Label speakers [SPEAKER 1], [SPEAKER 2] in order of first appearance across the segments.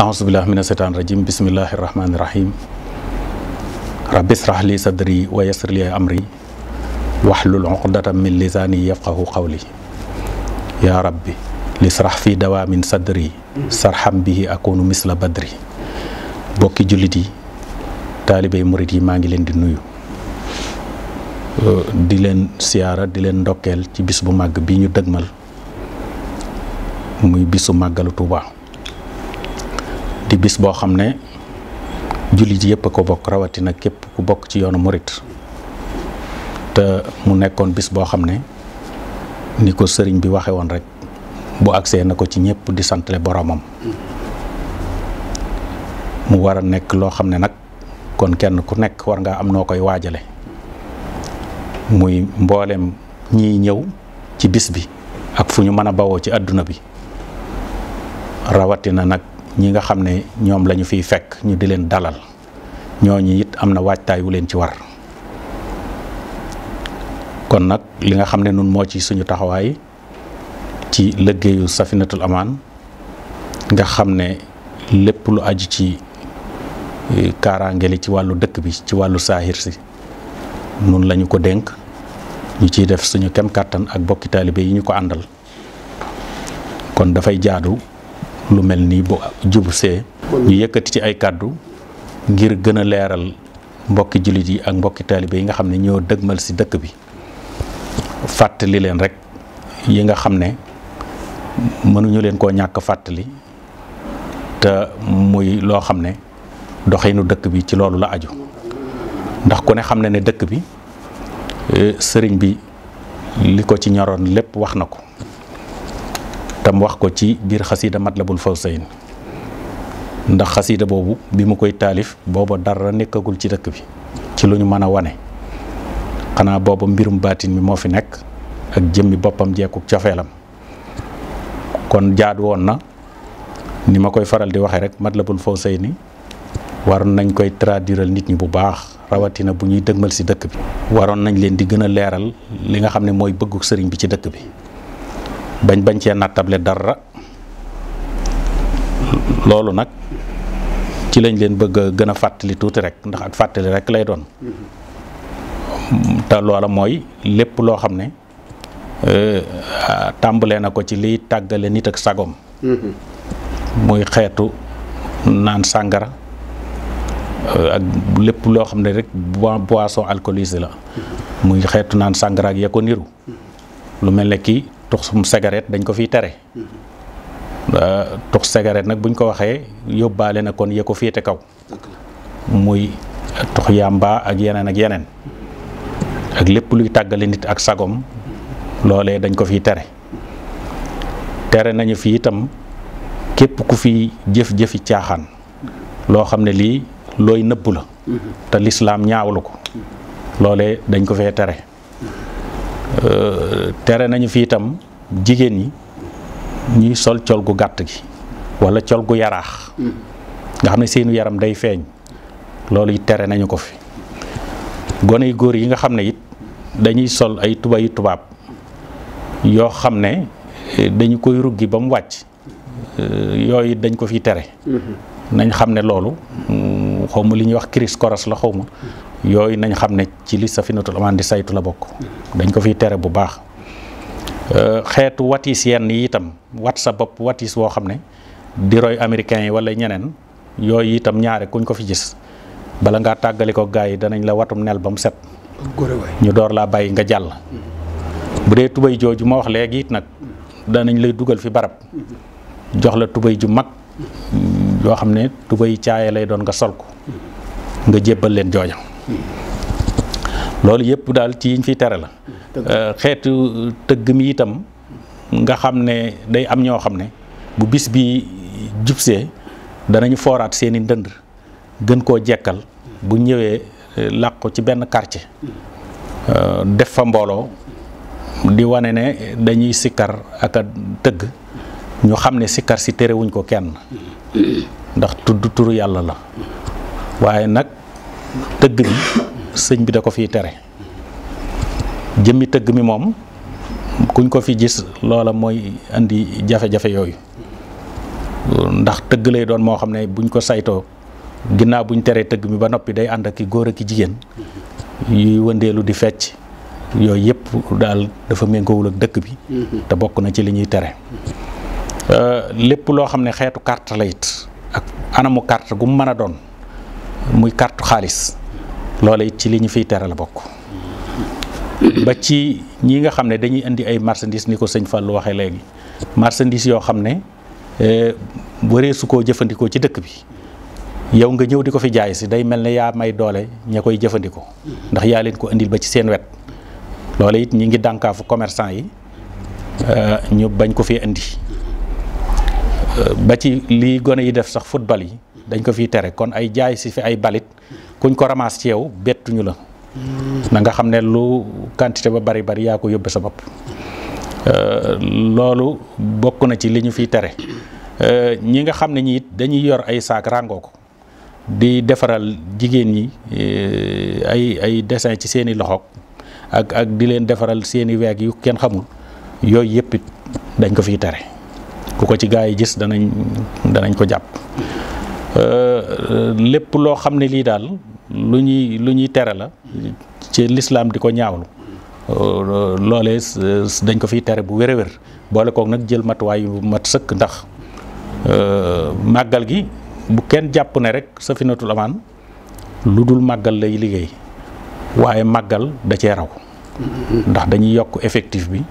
[SPEAKER 1] ahousubillah mina seytaan rajim bismillahi irrahmani irahim rabbi israh li sadri wa yassir li amri waxlul uqdatan min lisaani yafqahu qawli yaa rabbi lisrah fi dawaamin sadri sarxam bihi akunu misla badri bokki jullit yi taalibey murit yi maa ngi leen di nuyu di leen siyaara di leen ndokkeel ci bis bu màgg bi ñu dëgmal muy bisu màggalu Tuubaa di bis boo xam ne jullit yëpp a ko bokk rawatina képp ku bokk ci yoonu murit te mu nekkoon bis boo xam ne ni ko sëriñ bi waxe woon rek bu agsee na ko ci ñëpp di santale boroomam mu war a nekk loo xam ne nag kon kenn ku nekk war ngaa am noo koy waajale muy mboolem ñiy ñëw ci bis bi ak fu ñu mën a bawoo ci àdduna bi rawatina nag ñi nga xam ne ñoom lañu fiy fekk ñu di leen dalal ñooñu it am na waajtaay wu leen ci war kon nag li nga xam ne nun moo ci suñu taxawaay ci liggéeyu safinatul amaan nga xam ne lépp lu aju ci e, kaaraange ci wàllu dëkk bi ci wàllu saahir si nun lañu ko dénk ñu ciy def suñu kem kàttan ak bokki taalibe yi ñu ko àndal kon dafay jaadu lu mel nii bu jubusee ñu yëkkati ci ay kàddu ngir gën a leeral mbokki jullit yi ak mbokki taalibe yi nga xam ne ñoo dëgmal si dëkk bi fàttali leen rek yi nga xam ne mënuñu leen koo ñàkk fàttali te muy loo xam ne doxinu dëkk bi ci loolu la aju ndax ku ne xam ne ne dëkk bi eh, sëriñ bi li ko ci ñoroon lépp wax na ko tam wax ko ci biir xasiida matlabul fawsayn ndax xasiida boobu bi mu koy taalif booba dara nekkagul ci dëkk bi ci lu ñu mën a wane xanaa booba mbirum baatin bi moo fi nekk ak jëmmi boppam jeekuk cofeelam kon jaad woon na ni ma koy faral di waxee rek matlabul fawsayni waroon nañ koy traduiral nit ñi bu baax rawatina bu ñuy dëgmal si dëkk bi waroon nañ leen di gën a leeral li nga xam ne mooy bëggu sëriñ bi ci dëkk bi bañ bañ cee nattable dara loolu nag ci lañ leen bëgg a gën a fàttali tuuti rek ndax ak fàttali rek lay doon te loola mooy lépp loo xam ne euh, tàmbalee na ko ci liy tàggale nit ak sagom muy xeetu naan sàngara euh, ak lépp loo xam ne rek boisson alcoolisée la muy xeetu naan sàngara ak ya ko niru lu mel ne kii tuxum cigarette dañ ko fiy tere
[SPEAKER 2] mm-hmm.
[SPEAKER 1] euh, tux cigarette nag buñ ko waxee yóbbaale na kon yee ko féete kaw muy tux yàmba ak yeneen ak yeneen ak lépp luy tàggale nit ak sagoom loole dañ ko fi tere tere nañu fi itam képp ku fi jëf jëfi caaxaan loo xam ne lii looy nëbbu la mm-hmm. te lislaam ñaawlu ko mm-hmm. loole dañ ko fee tere tere nañu fi itam jigéen ñi ñuy sol col gu gàtt gi wala col gu yaraax nga xam ne seenu yaram day feeñ loolu it tere nañu ko fi gone yu góor yi nga xam ne it dañuy sol ay tubaayu tubaab yoo xam ne eh, dañu koy ruggi ba mu wàcc eh, yooyu dañ ko fi tere mm-hmm. nañ xam ne loolu mm, xawma li ñuy wax criss koros la xawma yooyu nañ xam ne ci li sa amaan di saytu la bokk dañ ko fi tere bu baax euh, xeetu watis yenn yi itam wat sa bopp watis woo xam ne di roy américains yi wala ñeneen yooyu itam ñaare kuñ ko fi gis bala ngaa tàggali ko gars yi danañ la watum nel ba mu set ñu door laa bàyyi nga jàll bu dee tubay jooju ma wax léegi it nag danañ lay dugal fi barab jox la tubay ju mag yoo xam ne tubay caaye lay doon nga sol ko nga jébbal leen jooja loolu yëpp daal ci yiñ fiy tere la euh, xeetu tëgg mi itam nga xam ne day am ñoo xam ne bu bis bi jubsee danañu fooraat seeni i ndënd gën koo jekkal bu ñëwee euh, làq ko ci benn quartier euh, def fa mbooloo di wane ne dañuy sikkar ak tëgg ñu xam ne sikkar si terewuñ ko kenn mm-hmm. ndax tudd turu yàlla la waaye nag tëgg bi sëñ bi da ko fiy tere jëmmi tëgg mi moom kuñ ko fi gis loola mooy indi jafe-jafe yooyu ndax tëgg lay doon moo xam ne buñ ko saytoo ginnaaw buñ teree tëgg mi ba noppi day ànd ak ki góor ak jigéen yuy wëndeelu di fecc yooyu yëpp daal dafa méngoowul ak dëkk bi mhm. te bokk na ci li ñuy tere euh, lépp loo xam ne xeetu carte la it ak anamu carte gu mu mën a doon muy carte xaalis loola it ci li ñu fiy tere la bokk ba ci ñi nga xam ne dañuy indi ay marchandises ni ko sëñ lu waxee léegi marchandises yoo xam ne eh, waree su koo jëfandikoo ci dëkk bi yow nga ñëw di ko fi jaay si day mel ne yaa may doole ña koy jëfandikoo ndax yaa leen ko indil ba ci seen wet loola it ñi ngi dànkaafu commerçant yi eh, ñu bañ ko fee indi eh, ba ci li gone yi def sax football yi dañ ko fiy tere kon ay jaay si fi ay balit kuñ ko ramaas ci bettuñu la na nga xam ne lu quantité ba bari bari yaa ko yóbbe sa bopp euh, loolu bokk na ci li ñu fi tere euh, ñi nga xam ne ñi it dañuy yor ay saak ràngoo ko di defaral jigéen ñi euh, ay ay dessin ci seeni loxo ak ak di leen defaral seeni weeg yu kenn xamul yooyu yëpp dañ ko fi tere ku ko ci gaa yi gis danañ danañ ko jàpp Euh, lépp loo xam ne lii daal lu ñuy lu ñuy tere la ci lislaam di ko ñaawlu euh, loole dañ ko fi tere bu wér wér boole kook nag jël matuwaay yu mat sëkk ndax euh, màggal gi bu kenn jàpp ne rek safinatul amaan lu dul màggal lay liggéey waaye màggal da cee raw ndax dañuy yokk effectif bi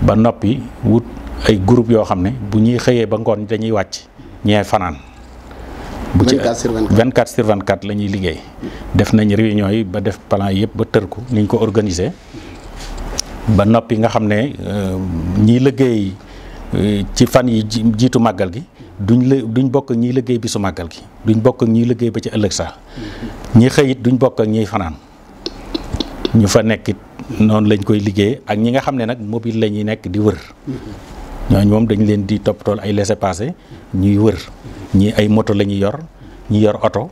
[SPEAKER 1] ba noppi wut ay groupe yoo xam ne bu ñuy xëyee ba ngoon dañuy wàcc ñee fanaan bu ci 24 sur 24 24 sur 24 ñuy liggéey. def nañ réunion yi ba def plan yëpp ba tër ko ni ñu ko organiser ba noppi nga xam ne euh, ñiy liggéey euh, ci fan yi jiitu màggal gi duñ la duñ bokk ak ñiy liggéey bisu màggal gi duñ bokk ak liggéey ba ci ëllëg sax ñi xëyit duñ bokk ak ñiy fanaan ñu fa nekkit noonu lañ koy liggéey ak ñi nga xam ne nag mobile la ñuy nekk di wër. ñooñu moom dañu leen di toppatool ay laissez-passer ñuy wër ñi ay moto la ñuy yor ñu yor oto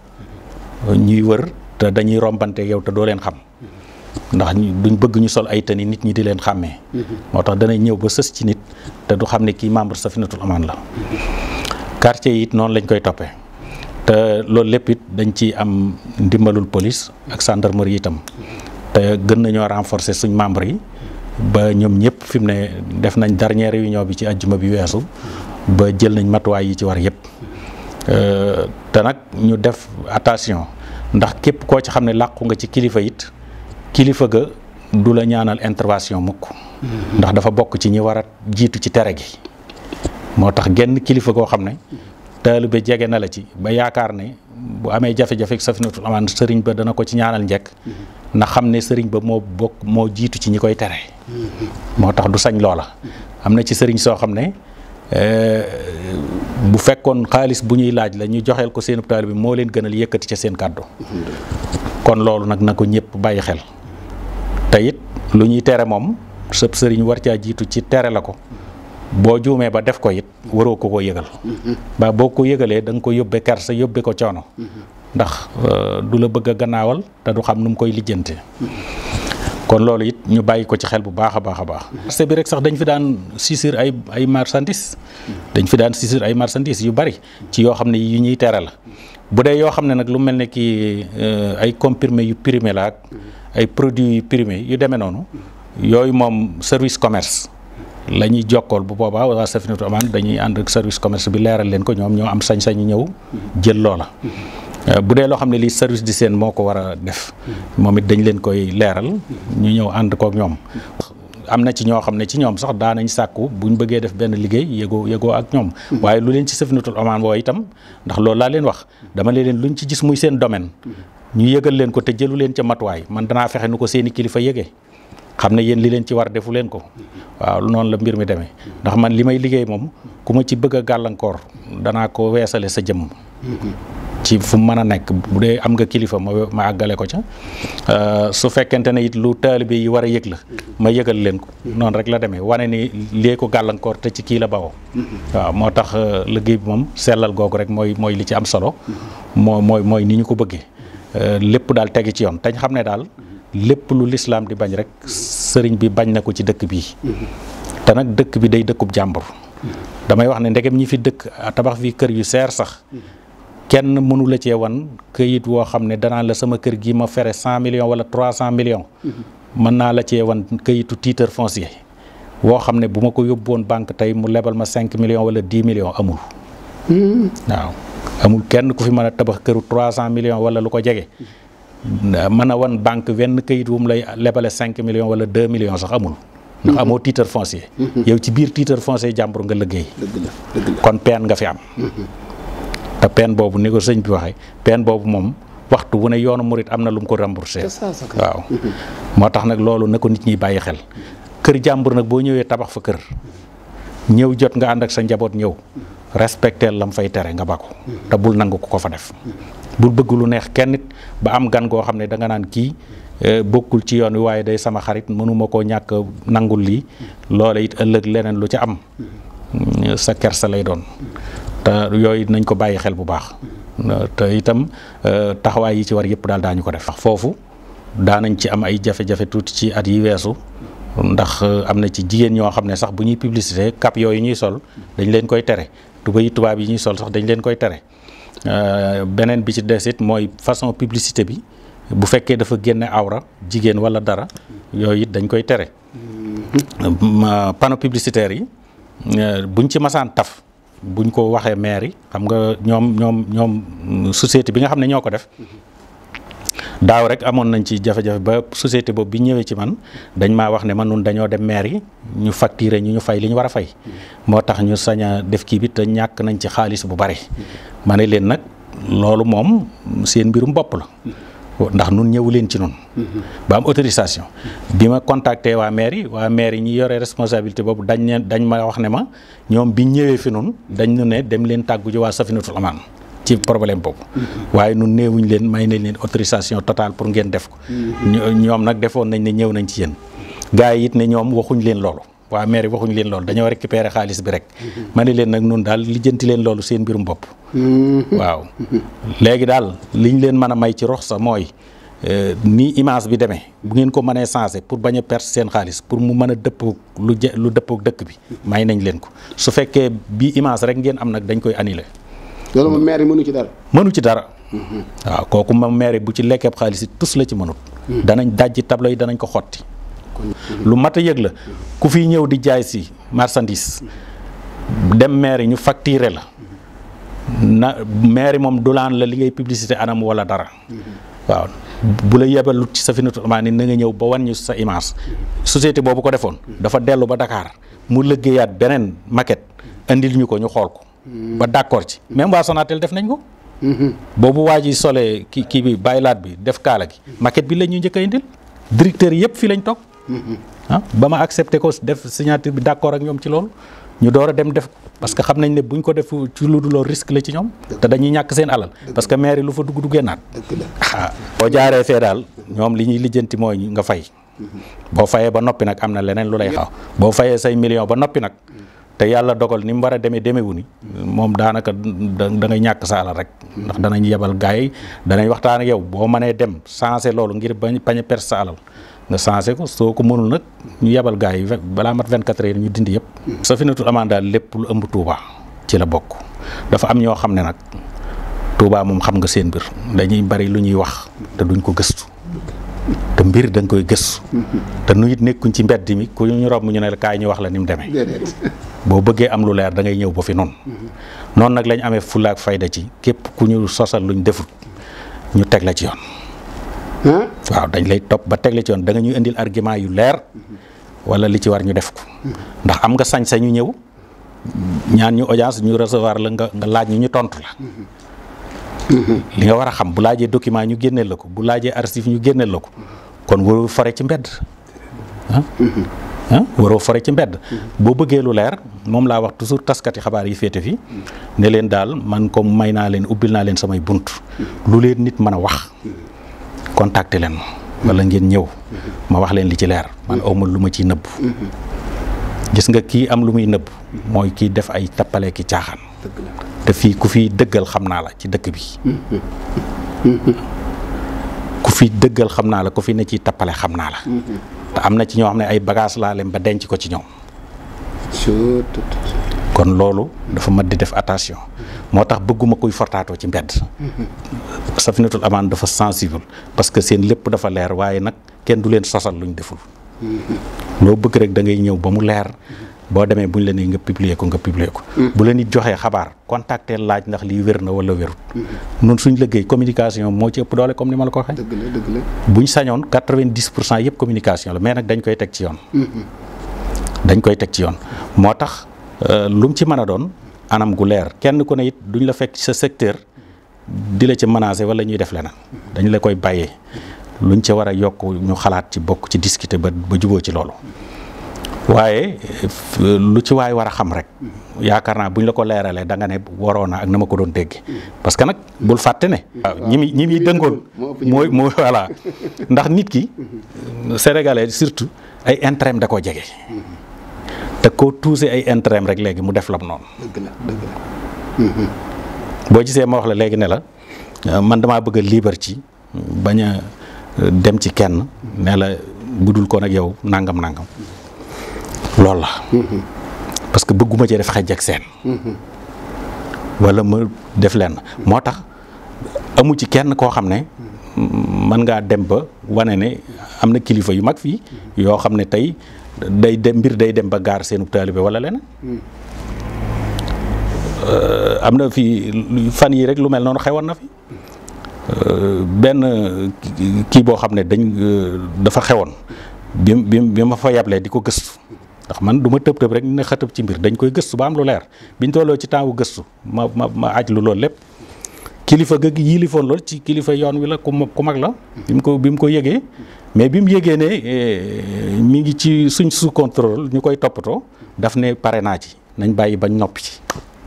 [SPEAKER 1] ñuy wër te dañuy rombante yow te doo leen xam ndax duñ bëgg ñu sol ay tani nit ñi di leen xàmmee. moo tax danay ñëw ba sës ci nit te du xam ne kii membre Safinatul Amaan la. quartier yi it noonu lañ koy toppee te loolu lépp it dañ ci am ndimbalul police ak gendarmerie itam te gën nañoo renforcer suñ membre yi. ba ñoom ñëpp fi mu ne def nañ dernière réunion bi ci àjjuma bi weesu ba jël nañ matuwaay yi ci war yëpp euh, te nag ñu def attention ndax képp koo ci xam ne làqu nga ci kilifa yit kilifa ga du la ñaanal intervention mukk mm-hmm. ndax dafa bokk ci ñi war a jiitu ci tere gi moo tax genn kilifa goo xam ne taalibe jege na la ci ba yaakaar ne bu amee jafe-jafe safinatul amaan sëriñ ba dana ko ci ñaanal njekk mm-hmm. na xam ne sëriñ ba moo bokk moo jiitu ci ñi koy tere moo tax du sañ loola am na ci sëriñ soo xam ne eh, bu fekkoon xaalis bu ñuy laaj la ñu joxeel ko seen taalibe bi moo leen gënal yëkkati ca seen kàddu kon loolu nag na ko ñëpp bàyyi xel te lu ñuy tere moom sëb sëriñ war caa jiitu ci tere la ko boo juumee ba def ko it waroo ko ko yëgal ba boo ko yëgalee da nga ko yóbbe kersa yóbbe ko coono ndax euh, du la bëgg a gannaawal te du xam nu mu koy lijjante kon loolu it ñu bàyyi ko ci xel bu baax a baax a baax. parce bi rek sax dañ fi daan sisir ay ay marchandises dañ fi daan sisir ay marchandis yu bari ci yoo xam ne yu ñuy tere la bu dee yoo xam ne nag lu mel ne ki euh, ay comprimés yu primé la ak ay produits yu primé yu demee noonu yooyu moom service commerce. la ñuy jokkool bu boobaa waa Safinatul Amaan dañuy ànd ak service commerce bi leeral leen ko ñoom ñoo am sañ-sañu ñëw jël loola. Euh, bu dee loo xam ne lii service di seen moo ko war a def moom it dañ leen koy leeral ñu ñëw ànd kook ñoom am na ci ñoo xam ne ci ñoom sax daanañ sàkku ñu bëggee def benn liggéey yëgoo yëgoo ak ñoom waaye lu leen ci safinatul omaan woo itam ndax loolu laa leen wax dama leen lu ñu ci gis muy seen domaine ñu yëgal leen ko te jëlu leen ca matuwaay man danaa fexe nu ko seeni kilifa yëgee xam ne yéen li leen ci war defu leen ko waaw noonu la mbir mi demee ndax man li may liggéey moom ku ma ci bëgg gàllankoor danaa ko weesale sa jëmm ci fu mën a nekk bu dee am nga kilifa ma àggale ko ca euh, su fekkente ne it lu taalibe yi war a yëg la ma yëgal leen ko noonu rek la demee wane ni lee ko gàllankoor te ci kii la bawoo waaw moo tax euh, liggéey bi moom sellal googu rek mooy mooy li ci am solo moo mooy mooy ni ñu ko bëggee euh, lépp daal tegi ci yoon tañ xam ne daal lépp lu lislaam di bañ rek sëriñ bi bañ na ko ci dëkk bii te nag dëkk bi day dëkkub jàmbur damay wax ne ndegem ñi fi dëkk tabax fii kër yu seer sax kenn mënula la cee wan këyit woo xam ne danaa la sama kër gi ma fere cent million wala trois cent million mën naa la cee wan këyitu titre foncier woo xam ne bu ma ko yóbboon banque tey mu lebal ma cinq millions wala dix millions amul hmm. amul kenn ku fi mën a tabax këru trois cent millions wala lu ko jege mën a wan banque wenn këyit wu mu lay lebale cinq millions wala deux millions sax amul ndax mhm. amoo titre foncier mhm. yow ci biir titre foncier jàmbur nga liggéey kon peen nga fi am mhm. te peen boobu ni ko sëñ bi waxee pen boobu moom waxtu wu ne yoonu murit am na lu mu ko remboursé waaw moo tax nag loolu na ko nit ñi bàyyi xel kër jàmbur nag boo ñëwee tabax fa kër ñëw jot nga ànd ak sa njaboot ñëw respecteel mu fay tere nga bako te bul nangu ko fa def ba am gan goo xam ne danga naan kii eh, bokkul ci yoon wi waaye day sama xarit mënuma koo ñàkk nangul lii loola it ëllëg leneen lu ca am mm, sa kersa lay doon te yooyu nañ ko bàyyi xel bu baax te itam eh, taxawaay yi ci war yëpp daal daañu ko def foofu daanañ ci am ay jafe-jafe tuuti ci at yi weesu ndax eh, am na ci jigéen ñoo xam ne sax bu ñuy publicité kap yooyu ñuy sol dañ leen koy tere tuba tubaab yi ñuy sol sax dañ leen koy tere Euh, beneen bi ci des it mooy façon publicité bi bu fekkee dafa génne awra jigéen walla dara yooyu it dañ koy tere mm-hmm. panneau publicitaire yi euh, buñ ci masaan taf buñ ko waxee maire yi xam nga ñoom ñoom ñoom mm, société bi nga xam ne ñoo ko def mm-hmm. daaw rek amoon nañ ci jafe-jafe ba société boobu bi ñëwee ci man dañ maa wax ne man nun dañoo dem maire yi ñu facturer ñu ñu fay li ñu war a fay moo tax ñu sañ a def kii bi te ñàkk nañ ci xaalis bu bari ma ne leen nag loolu moom seen mbirum bopp la ndax nun ñëwu leen ci noonu. ba am autorisation bi ma contacté waa maire yi waa maire yi ñi yore responsabilité boobu dañ ne dañ ma wax ne ma ñoom bi ñëwee fi noonu dañ nu ne dem leen tàggu ji waa Safinatul Amaan ci problème boobu. waaye nun newuñ leen may nañ leen autorisation totale pour ngeen def ko. ñoom nag defoon nañ ne ñëw nañ ci yéen. gars yi it ne ñoom waxuñ leen loolu. waa mairie waxuñu leen loolu dañoo récupérer xaalis bi rek ma ne leen nag nun daal lijjanti leen loolu seen mbirum bopp waaw léegi daal liñ leen mën a may ci rox sa mooy euh, ni image bi demee bu ngeen ko mënee changé pour bañ a perte seen xaalis pour mu mën a dëppoog lu je lu dëppoog dëkk bi may nañ leen ko su fekkee bii image rek ngeen am nag dañ koy annulé loolu moom mënu ci dara. mënu ci dara. waaw kooku moom maire bu ci lekkeeb xaalis yi tus la ci mënut. danañ dajji tableau yi danañ ko xotti. lu mat a yëg la ku fiy ñëw di jaay si marchandise dem maire yi ñu facturé la na maire yi moom dulaan la li ngay publicité anam wala dara. waaw bu la yebalu ci sa financement ni na ñëw ba wan ñu sa image société boobu ko defoon dafa dellu ba dakaar mu liggéeyaat beneen maquette indil ñu ko ñu xool ko. ba d'accord ci même waa Sonatel def nañ ko mhm. boobu waa ji solee kii kii bi bàyyilaat bi def kaala gi mhm. maquette bi la ñuy njëkk a indil directeur yëpp fii lañ toog mhm. ah ba ma accepté ko def signature bi d'accord ak ñoom ci loolu ñu door a dem def parce que xam nañ ne bu buñ ko def ci lu dul risque la ci ñoom te dañuy ñàkk seen alal parce que maire yi lu fa dugg duggee naat ah boo jaaree fee daal ñoom li ñuy lijjanti mooy nga fay boo fayee ba noppi nag am na leneen lu lay xaw ba noppi nag te yàlla dogal ni mu war a demee demewu ni moom daanaka da ngay ñàkk sa alal rek ndax danañ yebal gars yi danañ waxtaan yow boo mënee dem sensé loolu ngir bañ bañ a sa alal nga sensé ko soo ko mënul nag ñu yebal gars yi balaa mat 24 heures ñu dindi yëpp. Safinatul Amaan daal lépp lu ëmb Touba ci la bokk dafa am ñoo xam ne nag tuubaa moom xam nga seen mbir dañuy bari lu ñuy wax te duñ ko gëstu. te mbir da koy gëstu. Mm-hmm. te nu it nekkuñ ci mbedd mi ku ñu romb ñu ne la kaay ñu wax la ni mu demee. boo bëggee am lu leer dangay ñëw boo fi noonu. Mm-hmm. noonu nag lañ amee fulla ak fayda ci képp ku ñu sosal luñ defut ñu teg la ci yoon. waaw dañ lay topp ba teg la ci yoon danga ñuy indil argument yu leer. Mm-hmm. wala li ci war ñu def ko. ndax am nga sañ-sañu ñëw ñaan ñu audience ñu recevoir la nga nga laaj ñu ñu tontu la. li nga war a xam bu laajee document ñu génneel la ko bu laajee archive ñu génneel la ko kon waroo fore ci mbedd ah ah waroo fore ci mbedd boo bëggee lu leer moom laa wax toujours taskati xabaar yi féete fi ne leen daal man comme may naa leen ubbil naa leen samay bunt lu leen nit mën a wax contacter leen wala ngeen ñëw ma wax leen li ci leer man awma lu ma ciy nëbb gis nga kii am lu muy nëbb mooy kii def ay tappale ki caaxaan te fii ku fi dëggal xam naa la ci dëkk bi ku fi dëggal xam naa la ku fi ne ciy tappale xam naa la te am na ci ñoo xam ne ay bagage laa leen ba denc ko ci ñoom kon loolu dafa mat di def attention moo tax bëgguma kuy fortaatoo ci mbedd safinatul amaan dafa sensible parce que seen lépp dafa leer waaye nag kenn du leen sosal luñ deful loo bëgg rek da ñëw ba mu leer boo demee bu ñu la nii nga publier ko nga publier ko. Mm. bu la nit joxee xabaar contacter laaj ndax lii wér na wala wérut. Mm-hmm. nun suñ liggéey communication moo ci ëpp doole comme ni ma la ko waxee. dëgg la dëgg la buñ sañoon quatre-vingt-dix pour cent yëpp communication la mais nag dañ koy teg ci yoon.
[SPEAKER 2] Mm-hmm.
[SPEAKER 1] koy teg ci yoon moo tax euh, lu mu ci mën a doon anam gu leer kenn ku ne it duñ la fekk sa secteur di la ci menacer wala ñuy def leneen mm-hmm. dañ la koy bàyyee luñ ci war a yokk ñu xalaat ci bokk ci discuté ba ba juboo ci loolu. waaye lu ci waay war a xam rek yaakaar naa bu ñu la ko leeralee danga nga ne waroon na ak na ma ko doon dégg parce que nag bul fàtte ne. waaw ñi muy ñi muy dëngoon. mooy mooy voilà ndax nit ki. sénégalais surtout ay intérêt da koo jege. te koo tuuse ay intérêt rek léegi mu def la noonu. boo gisee ma wax la léegi ne la man damaa bëgg a libre ci bañ a euh, dem ci kenn ne la budul ko nag yow nangam nangam. loolu la. parce que bëgguma ci def xaj ak seen. wala ma def leen moo tax amu ci kenn koo xam ne mën ngaa dem ba wane ne am na kilifa yu mag fii yoo xam ne tey day dem mbir day dem ba gaar seenub taalibe wala leneen. Euh, am na fii fan yii rek lu mel noonu xewoon na fi euh, benn kii boo xam ne dañ euh, dafa xewoon bi bi ma fa yablee di ko gëstu. ndax man du ma tëb tëb rek ne xatab ci mbir dañ koy gëstu ba am lu leer biñ tolloo ci temps wu gëstu ma ma ma aj lu loolu lépp kilifa ga yilifoon lool ci kilifa yoon wi la ku ku mag la. bi mu ko bi mu ko yëgee mais bi mu yëgee ne eh, mi ngi ci suñ sous contrôle ñu koy toppatoo daf ne pare naa ci nañ bàyyi bañ noppi ci.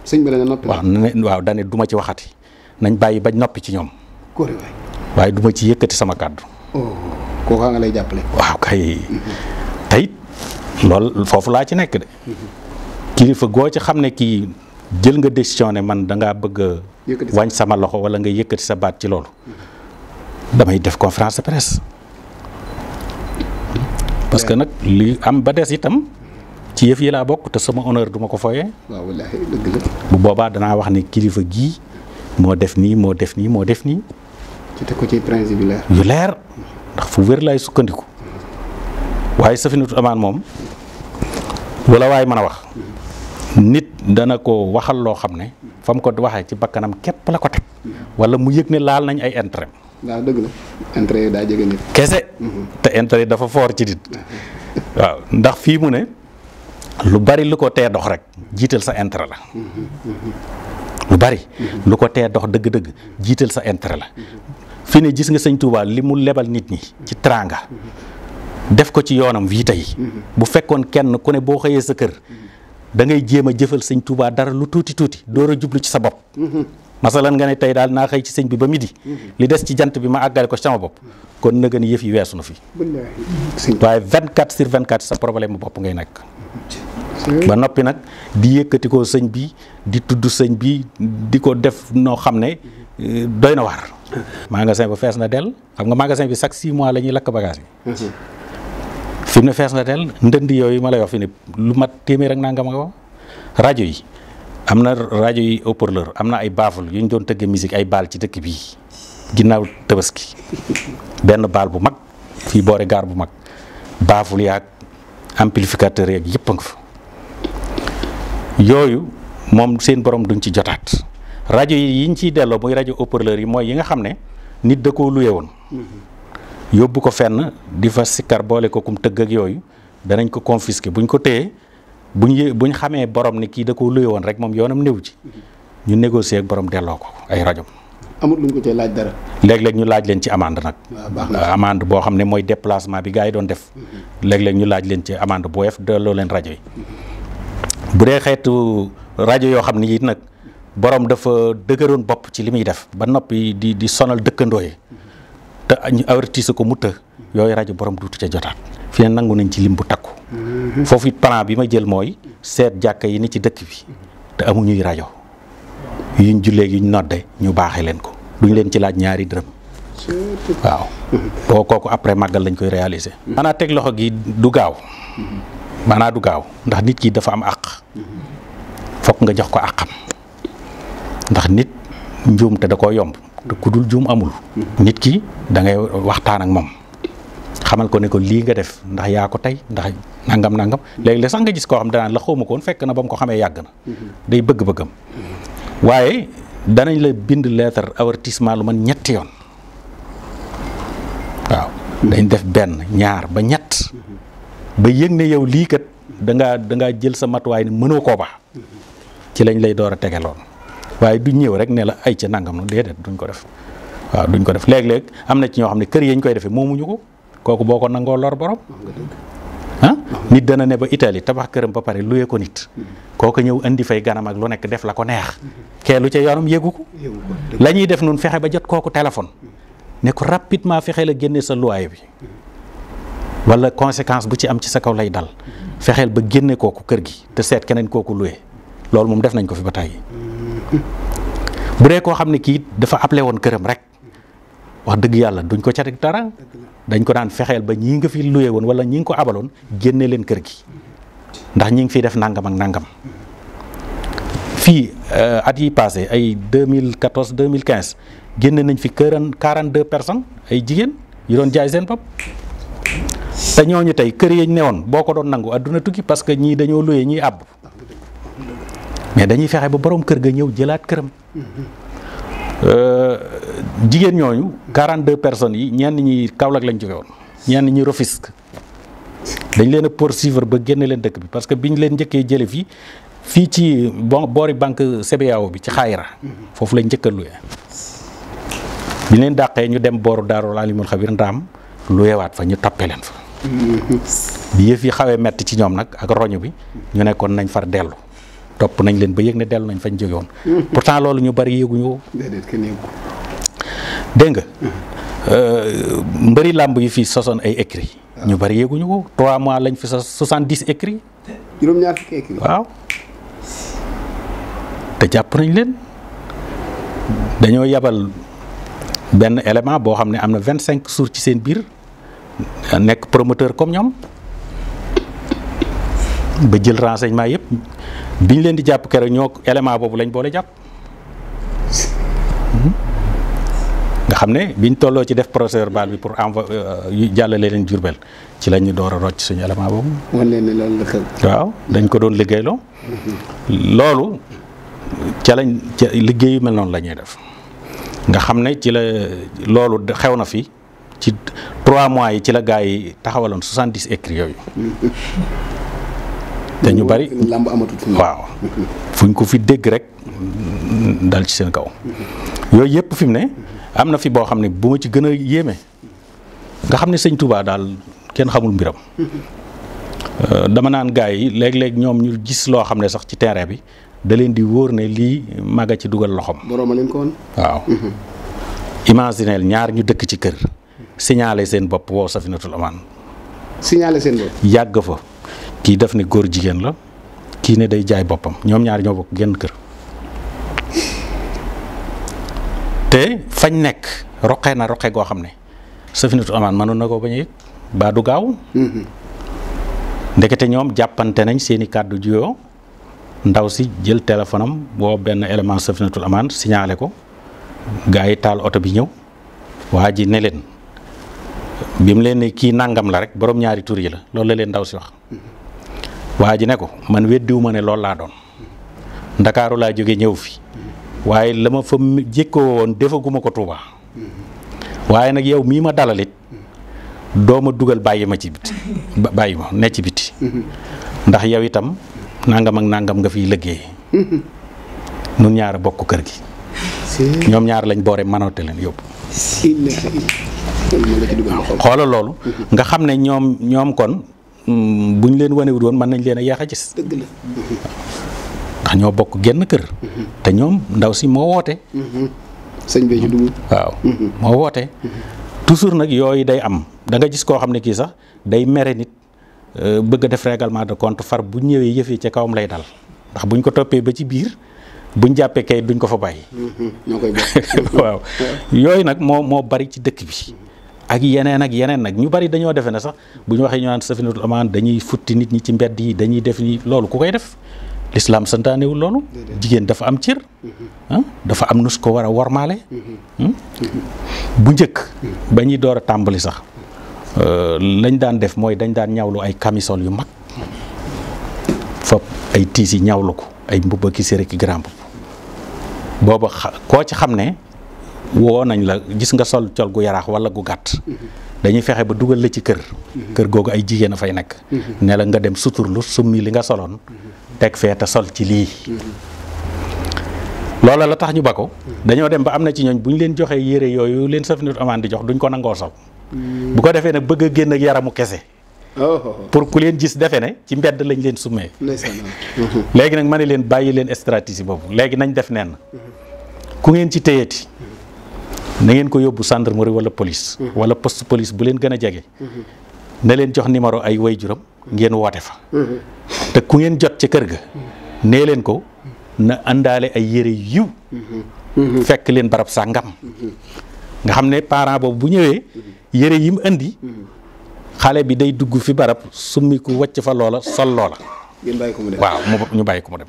[SPEAKER 1] sëñ bi la noppi waaw waaw dane ci waxati nañ bàyyi bañ noppi ci ñoom. waaye du ma ci yëkkati sama kàddu. Oh, kooku nga lay jàppale. waaw kay mm-hmm. lool foofu laa ci nekk de kilifa goo ci xam ne kii jël nga décision ne man dangaa bëgg wañ sama loxo wala nga yëkkati sa baat ci loolu damay def conférence de presse parce que nag li am ba des itam ci yëf yi laa bokk te sama honneur duma ko fooyee waaw wallaahi bu boobaa danaa wax ne kilifa gii moo def nii moo def nii moo def nii ci ko ci principe yu yu leer ndax fu wér lay sukkandiku waaye safinatu amaan moom wala waay mën a wax nit dana ko waxal loo xam ne fa mu ko waxee ci bakkanam képp la ko teg wala mu yëg ne laal nañ ay intérêt. waaw dëgg la intérêt kese. Mhm. te intérêt dafa foor ci nit. waaw ndax fii mu ne lu bari lu ko tee dox rek jiital sa intérêt la. lu bari lu ko tee dox dëgg-dëgg jiital sa intérêt la. fii ne gis nga sëñ Touba li mu lebal nit ñi ci teraanga. def ko ci yoonam wii tey mm-hmm. bu fekkoon kenn ku ne boo xëyee sa kër mm-hmm. da ngay jéem a jëfal sëñ Touba dara lu tuuti tuuti door a jublu ci sa bopp mm-hmm. masalan nga ne tey daal naa xëy ci sëñ bi ba di li des ci jant bi ma àggale ko sama bopp kon na gën yi weesu na fi waaye 24 sur 24 sa problème bopp ngay nekk ba noppi nag di yëkkati ko sëñ bi di tudd sëñ bi di ko def noo xam ne doy na waar magasin ba fees na dell xam nga magasin bi chaque 6 mois la ñuy lakk bagage yi fi mu ne fees na teel ndënd yooyu ma lay wax fi ne lu mat téeméer ak nangam nga wax rajo yi am na rajo yi haut am na ay baaful yu ñu doon tëgge musique ay baal ci dëkk bii ginnaaw tabaski benn baal bu mag fii boore gaar bu mag baaful yaag amplificateur yeeg yëpp a nga fa yooyu moom seen borom duñ ci jotaat rajo yi yiñ ciy delloo muy rajo haut yi mooy yi nga xam ne nit da koo luye woon mm-hmm. yóbbu ko fenn di fa sikkar boole ko kum tëgg ak yooyu danañ ko confisquer buñ ko téyee buñ buñ xamee borom ni kii da ko luye woon rek moom yoonam néew ci ñu négocier ak borom delloo ko ay rajo. amul laaj dara. léeg-léeg ñu laaj leen ci amande nag. Euh, amande boo xam ne mooy bi gars yi doon def. Mm-hmm. léeg-léeg ñu laaj leen ci amande boo def delloo leen rajo yi. bu dee xeetu rajo yoo xam ne it nag borom dafa dëgëroon bopp ci li muy def ba noppi di di sonal dëkkandoo yi te ñu avertise ko mu të yooyu rajo borom duutu ca jotaat fi ne nangu nañ ci lim bu takku mm-hmm. foofu it plan bi ma jël mooy seet jàkka yi ni ci dëkk bi te amuñuy rajo yuñ jullee yuñ nodde ñu baaxe leen ko duñ leen ci laaj ñaari dërëm waaw boo kooku après màggal lañ koy réaliser maanaa mm-hmm. teg loxo gi du gaaw manaa mm-hmm. du gaaw ndax nit ki dafa am àq fokk nga jox ko àqam ndax nit njuum te da koo yomb te ku dul juum amul. nit ki dangay waxtaan ak moom xamal ko ne ko lii nga def ndax yaa ko tey ndax nangam nangam léegi la sax nga gis koo xam danaan la xawma ma woon fekk na ba mu ko xamee yàgg na. day bëgg-bëggam. waaye danañ la bind leetar avertissement lu man ñetti yoon waaw. dañ def benn ñaar ba ñett ba yëg ne yow lii kat da ngaa da jël sa matuwaay ne mënoo koo ba ci lañ lay door a tege waaye du ñëw rek ne la ay ca nangam la déedéet duñ ko def waaw duñ ko def léeg-léeg am na ci ñoo xam ne kër yañ koy defee moomuñu ko kooku boo ko nangoo lor borom ah nit dana ne ba Italie tabax këram ba pare luye ko nit kooku ñëw indi fay ganam ak lu nekk def la ko neex kee lu ca yoonam yéegu ko la def nun fexe ba jot kooku téléphone ne ko fexe la génne sa loyer bi wala conséquence bu ci am ci sa kaw lay dal fexeel ba génne kooku kër gi te seet keneen kooku luye loolu moom def nañ ko fi ba tàyyi bu dee koo xam ne kii dafa appelé woon këram rek wax dëgg yàlla duñ ko cati dara dañ ko daan fexeel ba ñii nga fi luye woon wala ñi nga ko abaloon génne leen kër gi ndax ñi ngi fiy def nangam ak nangam fii euh, at yi passé ay deux mille mille quinze génne nañ fi këran 42 personnes ay jigéen yu doon jaay seen bopp te ñooñu tey kër ne newoon boo ko doon nangu adduna tukki parce que ñii dañoo luye ñii àbb mais dañuy fexe ba borom kër ga ñëw jëlaat këram. Euh, jigéen ñooñu 42 personnes yi ñenn ñi Kaolack lañ jóge woon ñenn ñi rofis dañ leen a poursuivre ba génne leen dëkk bi parce que bi ñu leen njëkkee jële fii fii ci bon boori banque CBAO bi ci Xaayra foofu lañ njëkk a luye biñ leen dàqee ñu dem booru Daaru Alimul Xabir Ndaam luyewaat fa ñu tappe leen fa. bi yëf yi xawee metti ci ñoom nag ak roñu bi ñu nekkoon nañ far dellu. topp nañ leen ba yëg ne dellu nañ fañ jóge woon pourtant loolu ñu bari yëguñu ko dégg nga uh-huh. euh, mbëri làmb yi fi sosoon ay écrit ah. ñu bari yëguñu ko trois mois lañ fi sos soixante-dix écrit juróom waaw te jàpp nañ leen dañoo yabal benn élément boo xam ne am na vingt cinq suur ci seen biir nekk promoteur comme ñoom ba jël renseignement yëpp biñ leen di jàpp keroog ñoo élément boobu lañ boole jàpp hmm? nga xam ne biñ tolloo ci def procès verbal bi pour envo euh, jàllale leen Jurbel ci la ñu door a rocc suñu element boobu. wan leen ne waaw dañ ko doon liggéeyloo. loolu ca lañ ca liggéey mel noonu lañuy def nga xam ne ci la loolu xew na fi ci trois mois yi ci la gaa yi taxawaloon soixante-dix écrits yooyu. dañu bari làmb amatul waaw fuñ ko fi dégg rek dal ci seen kaw yooyu yëpp fi mu ne am na fi boo xam ne bu ma ci gën a yéeme nga xam ne sëñ Touba daal kenn xamul mbiram euh, dama naan gars yi léeg-léeg ñoom ñu gis loo xam ne sax ci terrain bi da leen di wóor ne lii màgga ci dugal loxoom. borom a leen ko woon waaw. Mhm. imagineel ñaar ñu dëkk ci kër. signalé seen bopp woo Safinatul Amaan. signalé seen bopp yàgg fa. kii daf ne góor jigéen la kii ne day jaay boppam ñoom ñaar ñoo bokk genn kër te fañ nekk roqee na roqee goo xam ne Safinatu Amaan mënoon na ko bañ a baa du gaaw mm-hmm. ndekete ñoom jàppante nañ seeni kàddu juyoo ndaw si jël téléphone am woo benn élément Safinatul Amaan signalé ko gars yi taal oto bi ñëw waa ji ne leen bi mu leen ne kii nangam la rek borom ñaari tur la loolu la leen ndaw si wax mm-hmm. waa ji ne ko man weddiwuma ne loolu laa doon ndakaaru laa jóge ñëw fi waaye la ma fa jëkkoo woon defaguma ko Touba waaye nag yow mii ma dalalit doo ma dugal bàyyi ma ci biti bàyyi ma ne ci biti ndax yow itam nangam ak nangam nga fiy liggéey nun ñaar a bokk kër gi ñoom ñaar lañ boore manote leen yóbbu xoolal loolu nga xam ne ñoom ñoom kon Mm, buñ leen wanewul woon mën nañ leen a yéex a gis. dëgg ndax ñoo bokk genn kër. Mm-hmm. te ñoom ndaw si moo woote. Mm-hmm. sëñ bi ci dugub. waaw mm-hmm. moo woote. toujours nag yooyu day am da nga gis koo xam ne kii sax day mere nit euh, bëgg def règlement de compte far bu ñëwee yëf yi ca kawam lay dal ndax buñ ko toppee ba ci biir. buñ jàppee kayit duñ ko fa bàyyi. waaw yooyu nag moo moo bari ci dëkk bi. ak yeneen ak yeneen nag ñu bari dañoo defe na sax bu ñu waxee ñu naan safinatul amaan dañuy futti nit ñi ci mbedd yi dañuy def ni loolu ku koy def lislaam santaanewul loolu jigéen dafa am cir mm-hmm. ah, dafa am nus ko war a wormaale mm-hmm. Hmm? Mm-hmm. bu njëkk ba ñuy door a tàmbali sax euh, lañ daan def mooy dañ daan ñawlu ay camisole yu mag fop ay tiis yi ñawlu ko ay mbubba ki séri ki grand booba koo ci xam ne woo nañ la gis nga sol col gu yaraax wala gu gàtt dañuy fexe ba dugal la ci kër kër googu ay jigéen fay nekk ne la nga dem suturlu summi li nga soloon teg fee te sol ci lii loola la tax ñu ba ko dañoo dem ba am na ci ñooñ bu ñu leen joxee yére yooyu leen safinut amaan di jox duñ ko nangoo sol hmm. bu ko defee nag bëgg a génn ak yaramu kese
[SPEAKER 2] oh. pour
[SPEAKER 1] ku leen gis defe ne ci mbedd lañ leen summee léegi nag ma ne leen bàyyi leen stratégie boobu léegi nañ def nenn hmm. na ngeen ko yóbbu gendarmerie wala police. Mhm. wala poste police bu leen gën a jege. Mhm. na leen jox numéro ay waajuram ngeen woote fa. Mhm. te ku ngeen jot ca kër ga. nee leen ko na àndaale ay yére yiw. fekk leen barab sàngam. nga xam ne parent boobu bu ñëwee yére yi mu indi. xale bi day dugg fi barab summi ku wàcc fa loola sol loola. ngeen bàyyi ko mu dem waaw ñu bàyyi ko mu dem.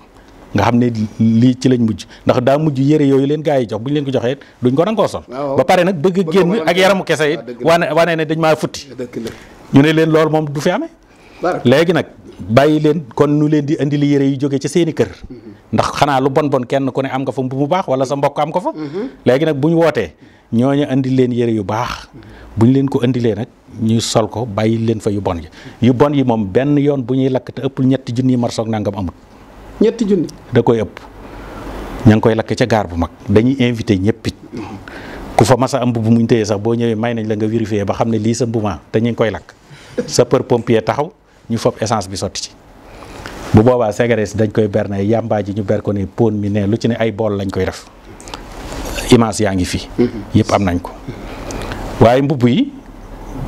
[SPEAKER 1] nga xam ne lii ci lañ mujj ndax daa mujj yére yooyu leen gaa yi jox bu ñu leen ko joxee luñ ko nangoo sol ba pare nag bëgg a génn ak yaramu kese it wane wane ne dañ maa futti ñu ne leen loolu moom du fi ame léegi nag bàyyi leen kon nu leen di indi li yére yu jóge ci seeni kër mm-hmm. ndax xanaa lu bon bon kenn ku ne am nga fa mbu mu baax wala sa mbokk am ko fa mm-hmm. léegi nag bu ñu wootee ñu indi leen yére yu baax mm-hmm. bu ñu leen ko indilee nag ñu sol ko bàyyi leen fa yu bon yi yu bon yi moom benn yoon bu ñuy lakk te ëppul ñetti junniy marsoog nangam amut ñetti junni da koy ëpp ña ngi koy lakk ca gaar bu mag dañuy invité ñëpp it ku fa masa am mbubb muñ téye sax boo ñëwee may nañ la nga vérifié ba xam ne lii sa mbuumaa te ñu koy lakk sapeur pompier taxaw ñu fob essence bi sotti ci bu boobaa ségarees dañ koy ber ne yàmbaa ji ñu ber ko ne pon mi ne lu ci ne ay bool lañ koy def image yaa ngi fi. Mm-hmm. yëpp am nañ ko waaye mbubb yi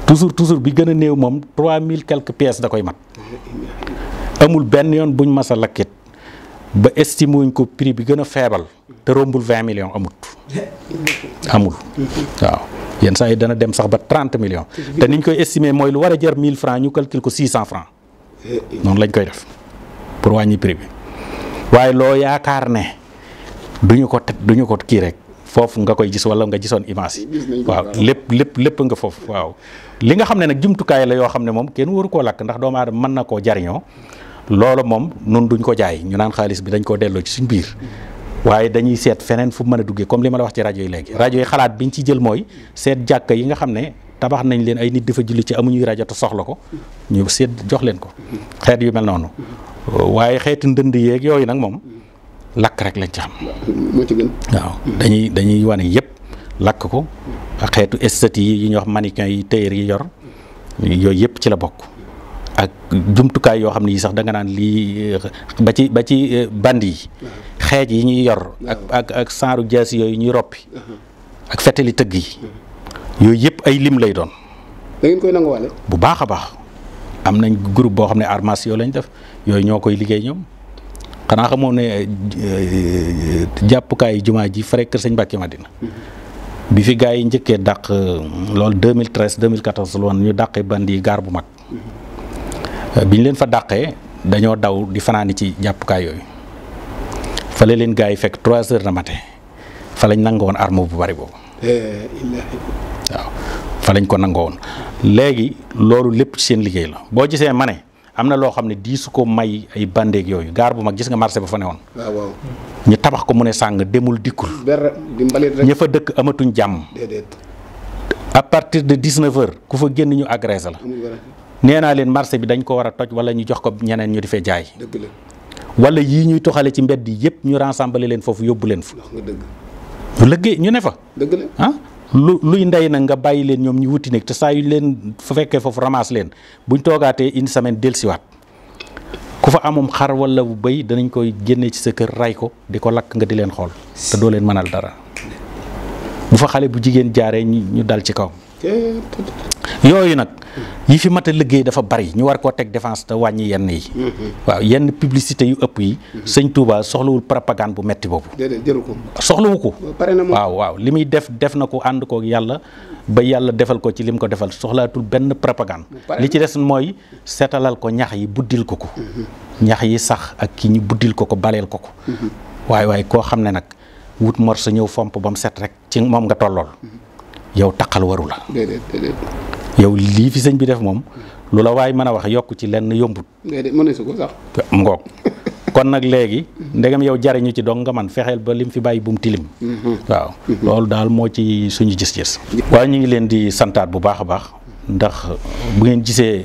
[SPEAKER 1] toujours toujours bi gën a néew moom mille quelques pièces da koy mat
[SPEAKER 2] mm-hmm.
[SPEAKER 1] amul benn yoon buñ mas a lakkit ba estimé wuñ ko prix bi gën a feebal te rombul vingt millions amut amul waaw yenn saa yi dana dem sax ba trente million te niñ koy estimé mooy lu war a jar mille francs ñu calcule ko six cent francs noonu lañ koy def pour wàññi prix bi waaye loo yaakaar ne duñu ko teg duñu ko kii rek foofu nga koy gis wala nga gisoon image yi waaw lépp lépp lépp nga foofu waaw li nga xam ne nag jumtukaay la yoo xam ne moom kenn waru koo lakk ndax doomu aadama mën na koo jariñoo loola moom nun duñ ko jaay ñu naan xaalis bi dañ koo delloo ci suñ biir waaye dañuy seet feneen fu mën a duggee comme li ma la wax ci rajo yi léegi rajo yi xalaat ci jël mooy seet jàkka yi nga xam ne tabax nañ leen ay nit fa julli ci amuñuy rajo soxla ko ñu seet jox leen ko xeet yu mel noonu waaye xeetu ndënd yeeg yooyu nag moom lakk rek lañ ci xam waaw dañuy dañuy wane yëpp lakk ko xeetu esthétique yi ñu wax mannequin yi téer yi yor yooyu yëpp ci la bokk ak jumtukaay yoo xam ne yi sax danga naan lii ba ci ba ci euh, band yi xeej yi ñuy yor ak ak ak saaru jaas yooyu ñuy roppi ak fetali tëgg yi yooyu yëpp ay lim lay doon
[SPEAKER 2] da ngeen koy
[SPEAKER 1] bu baax a baax am nañ groupe boo xam ne armas lañ def yooyu ñoo koy liggéey ñoom xanaa xamoo ne euh, euh, jàppukaay jumaa ji fare kër sëñ Mbàkke Madina bi fi gars yi njëkkee dàq loolu 2013 2014 la woon ñu dàqee band yi gaar bu mag bi ñu leen fa dàqee dañoo daw di fanaani ci jàppukaay yooyu fa la leen gars yi fekk trois heures na matin fa lañ nangoon arme bu bari boobu. waaw fa lañ ko nangoon léegi loolu lépp ci seen liggéey la boo gisee ma ne am na loo xam ne diisu ko may ay bandeeg yooyu gaar bu mag gis nga marché ba fa newoon. waaw ñu tabax ko mu ne sàng demul dikkul. ña fa dëkk amatuñ jàmm. à partir de 19 heures ku fa génn ñu agressé la. nee naa leen marché bi dañ ko war a toj wala ñu jox ko ñeneen ñu di fee jaay. dëgg la wala yii ñuy toxale ci mbedd yëpp ñu rassembler leen foofu yóbbu leen fa. ñu lëggee ñu ne fa. dëgg la ah? lu luy ndey nag nga bàyyi leen ñoom ñu wuti nag te saa yu leen fekkee foofu ramasse leen bu buñ toogaatee une semaine dellusiwaat ku fa amoom xar walla bu béy danañ koy génnee ci sa kër ray ko di ko lakk nga di leen xool te doo leen mënal dara bu fa xale bu jigéen jaaree ñu dal ci kaw. yooyu nag yi fi mat a liggéey dafa bari ñu war koo teg défense te wàññi yenn yi. Mhm. waaw yenn publicité yu ëpp yi. Mhm. sëñ Touba soxlawul propagande bu metti boobu. déedéet soxlawu ko. pare na moom waaw waaw li muy def def na ko ànd koog yàlla ba yàlla defal ko ci lim ko defal soxlaatul benn propagande. li ci des mooy seetalal ko ñax yi buddil ko ko. Mhm. ñax yi sax ak ki ñu buddil ko ko baleel ko ko. waaye waaye koo xam ne nag wut morso ñëw fomp ba mu set rek ci moom nga tollool. yow taqal waru la. lii fi sëñ bi def moom lu la waay mën a wax yokk ci lenn yombut.
[SPEAKER 2] déedéet mënees ko
[SPEAKER 1] ngoog kon nag léegi. ndegam yow jariñu ci dong nga man fexeel ba lim fi bàyyi bum tilim. Mhm. waaw mhm. loolu daal moo ci suñu gis-gis. waaye ñu ngi leen di santaat bu baax a baax ndax bu ngeen gisee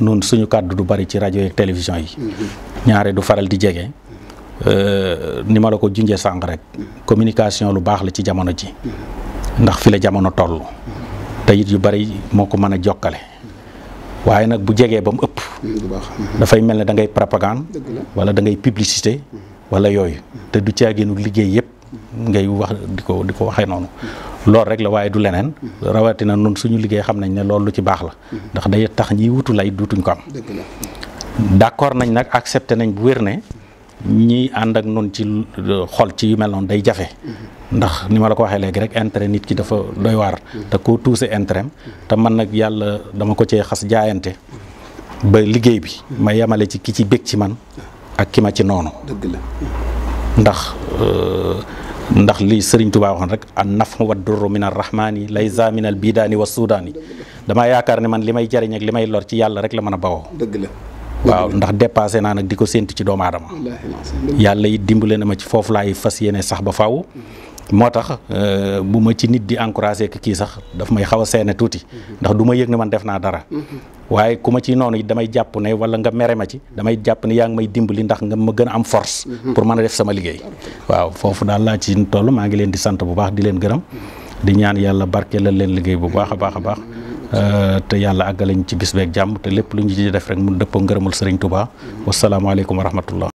[SPEAKER 1] nun suñu kàddu du bari ci rajo yeeg télévision yi. Mhm. ñaaree du faral di jege. Euh, ni ma la ko junjee sànq rek. communication lu baax la ci jamono ji. ndax fi la jamono toll te yu bari moo ko mën a jokkale waaye nag bu jegee ba mu ëpp mm, mm-hmm. dafay mel ne da ngay propagande wala da ngay publicité mm-hmm. wala yooyu te du caageenu liggéey yëpp ngay wax di ko di ko waxee noonu mm-hmm. loolu rek la waaye du leneen rawatina nun suñu liggéey xam nañ ne loolu lu ci baax la ndax day tax ñiy wutu lay duutuñ ko am d'accord nañ nag accepté nañ bu wér ne ñi ànd ak nun ci xol ci yu mel day jafe ndax ni ma la ko waxee léegi rek intérêt nit ki dafa doy waar te koo tuuse intérêt te man nag yàlla dama ko cee xas jaayante ba liggéey bi ma yemale ci ki ci bég ci man ak ki ma ci noonu dëgg la ndax euh, ndax li Sëriñ Tuubaa waxoon rek an nafhu wa durru min arrahmaani lay zaminal bidaani wa sudaani damaa yaakaar ne man li may jariñ ak li may lor ci yàlla rek la mën a bawoo dëgg la waaw ndax dépasé naa nag di ko séntu ci doomu aadama yàlla it dimbale na ma ci foofu laay fas yéene sax ba faw moo tax euh, bu ma ci nit di encouragé ki kii sax dafa may xaw a seene tuuti ndax du ma yëg ne man def naa dara waaye ku ma ci noonu it damay jàpp ne wala nga mere ma ci damay jàpp ne yaa ngi may dimbali ndax nga ma gën a am force pour mën a def sama liggéey waaw foofu daal laa ci toll maa ngi leen di sant bu baax di leen gërëm di ñaan yàlla barkeelal leen liggéey bu baax a baax a Euh, te yàlla àggalañ ci bis beeg jàmm te lépp lu ñu ci def rek mu dëppoo ngërëmul sëriñ Touba. wasalaamaaleykum wa rahmatullah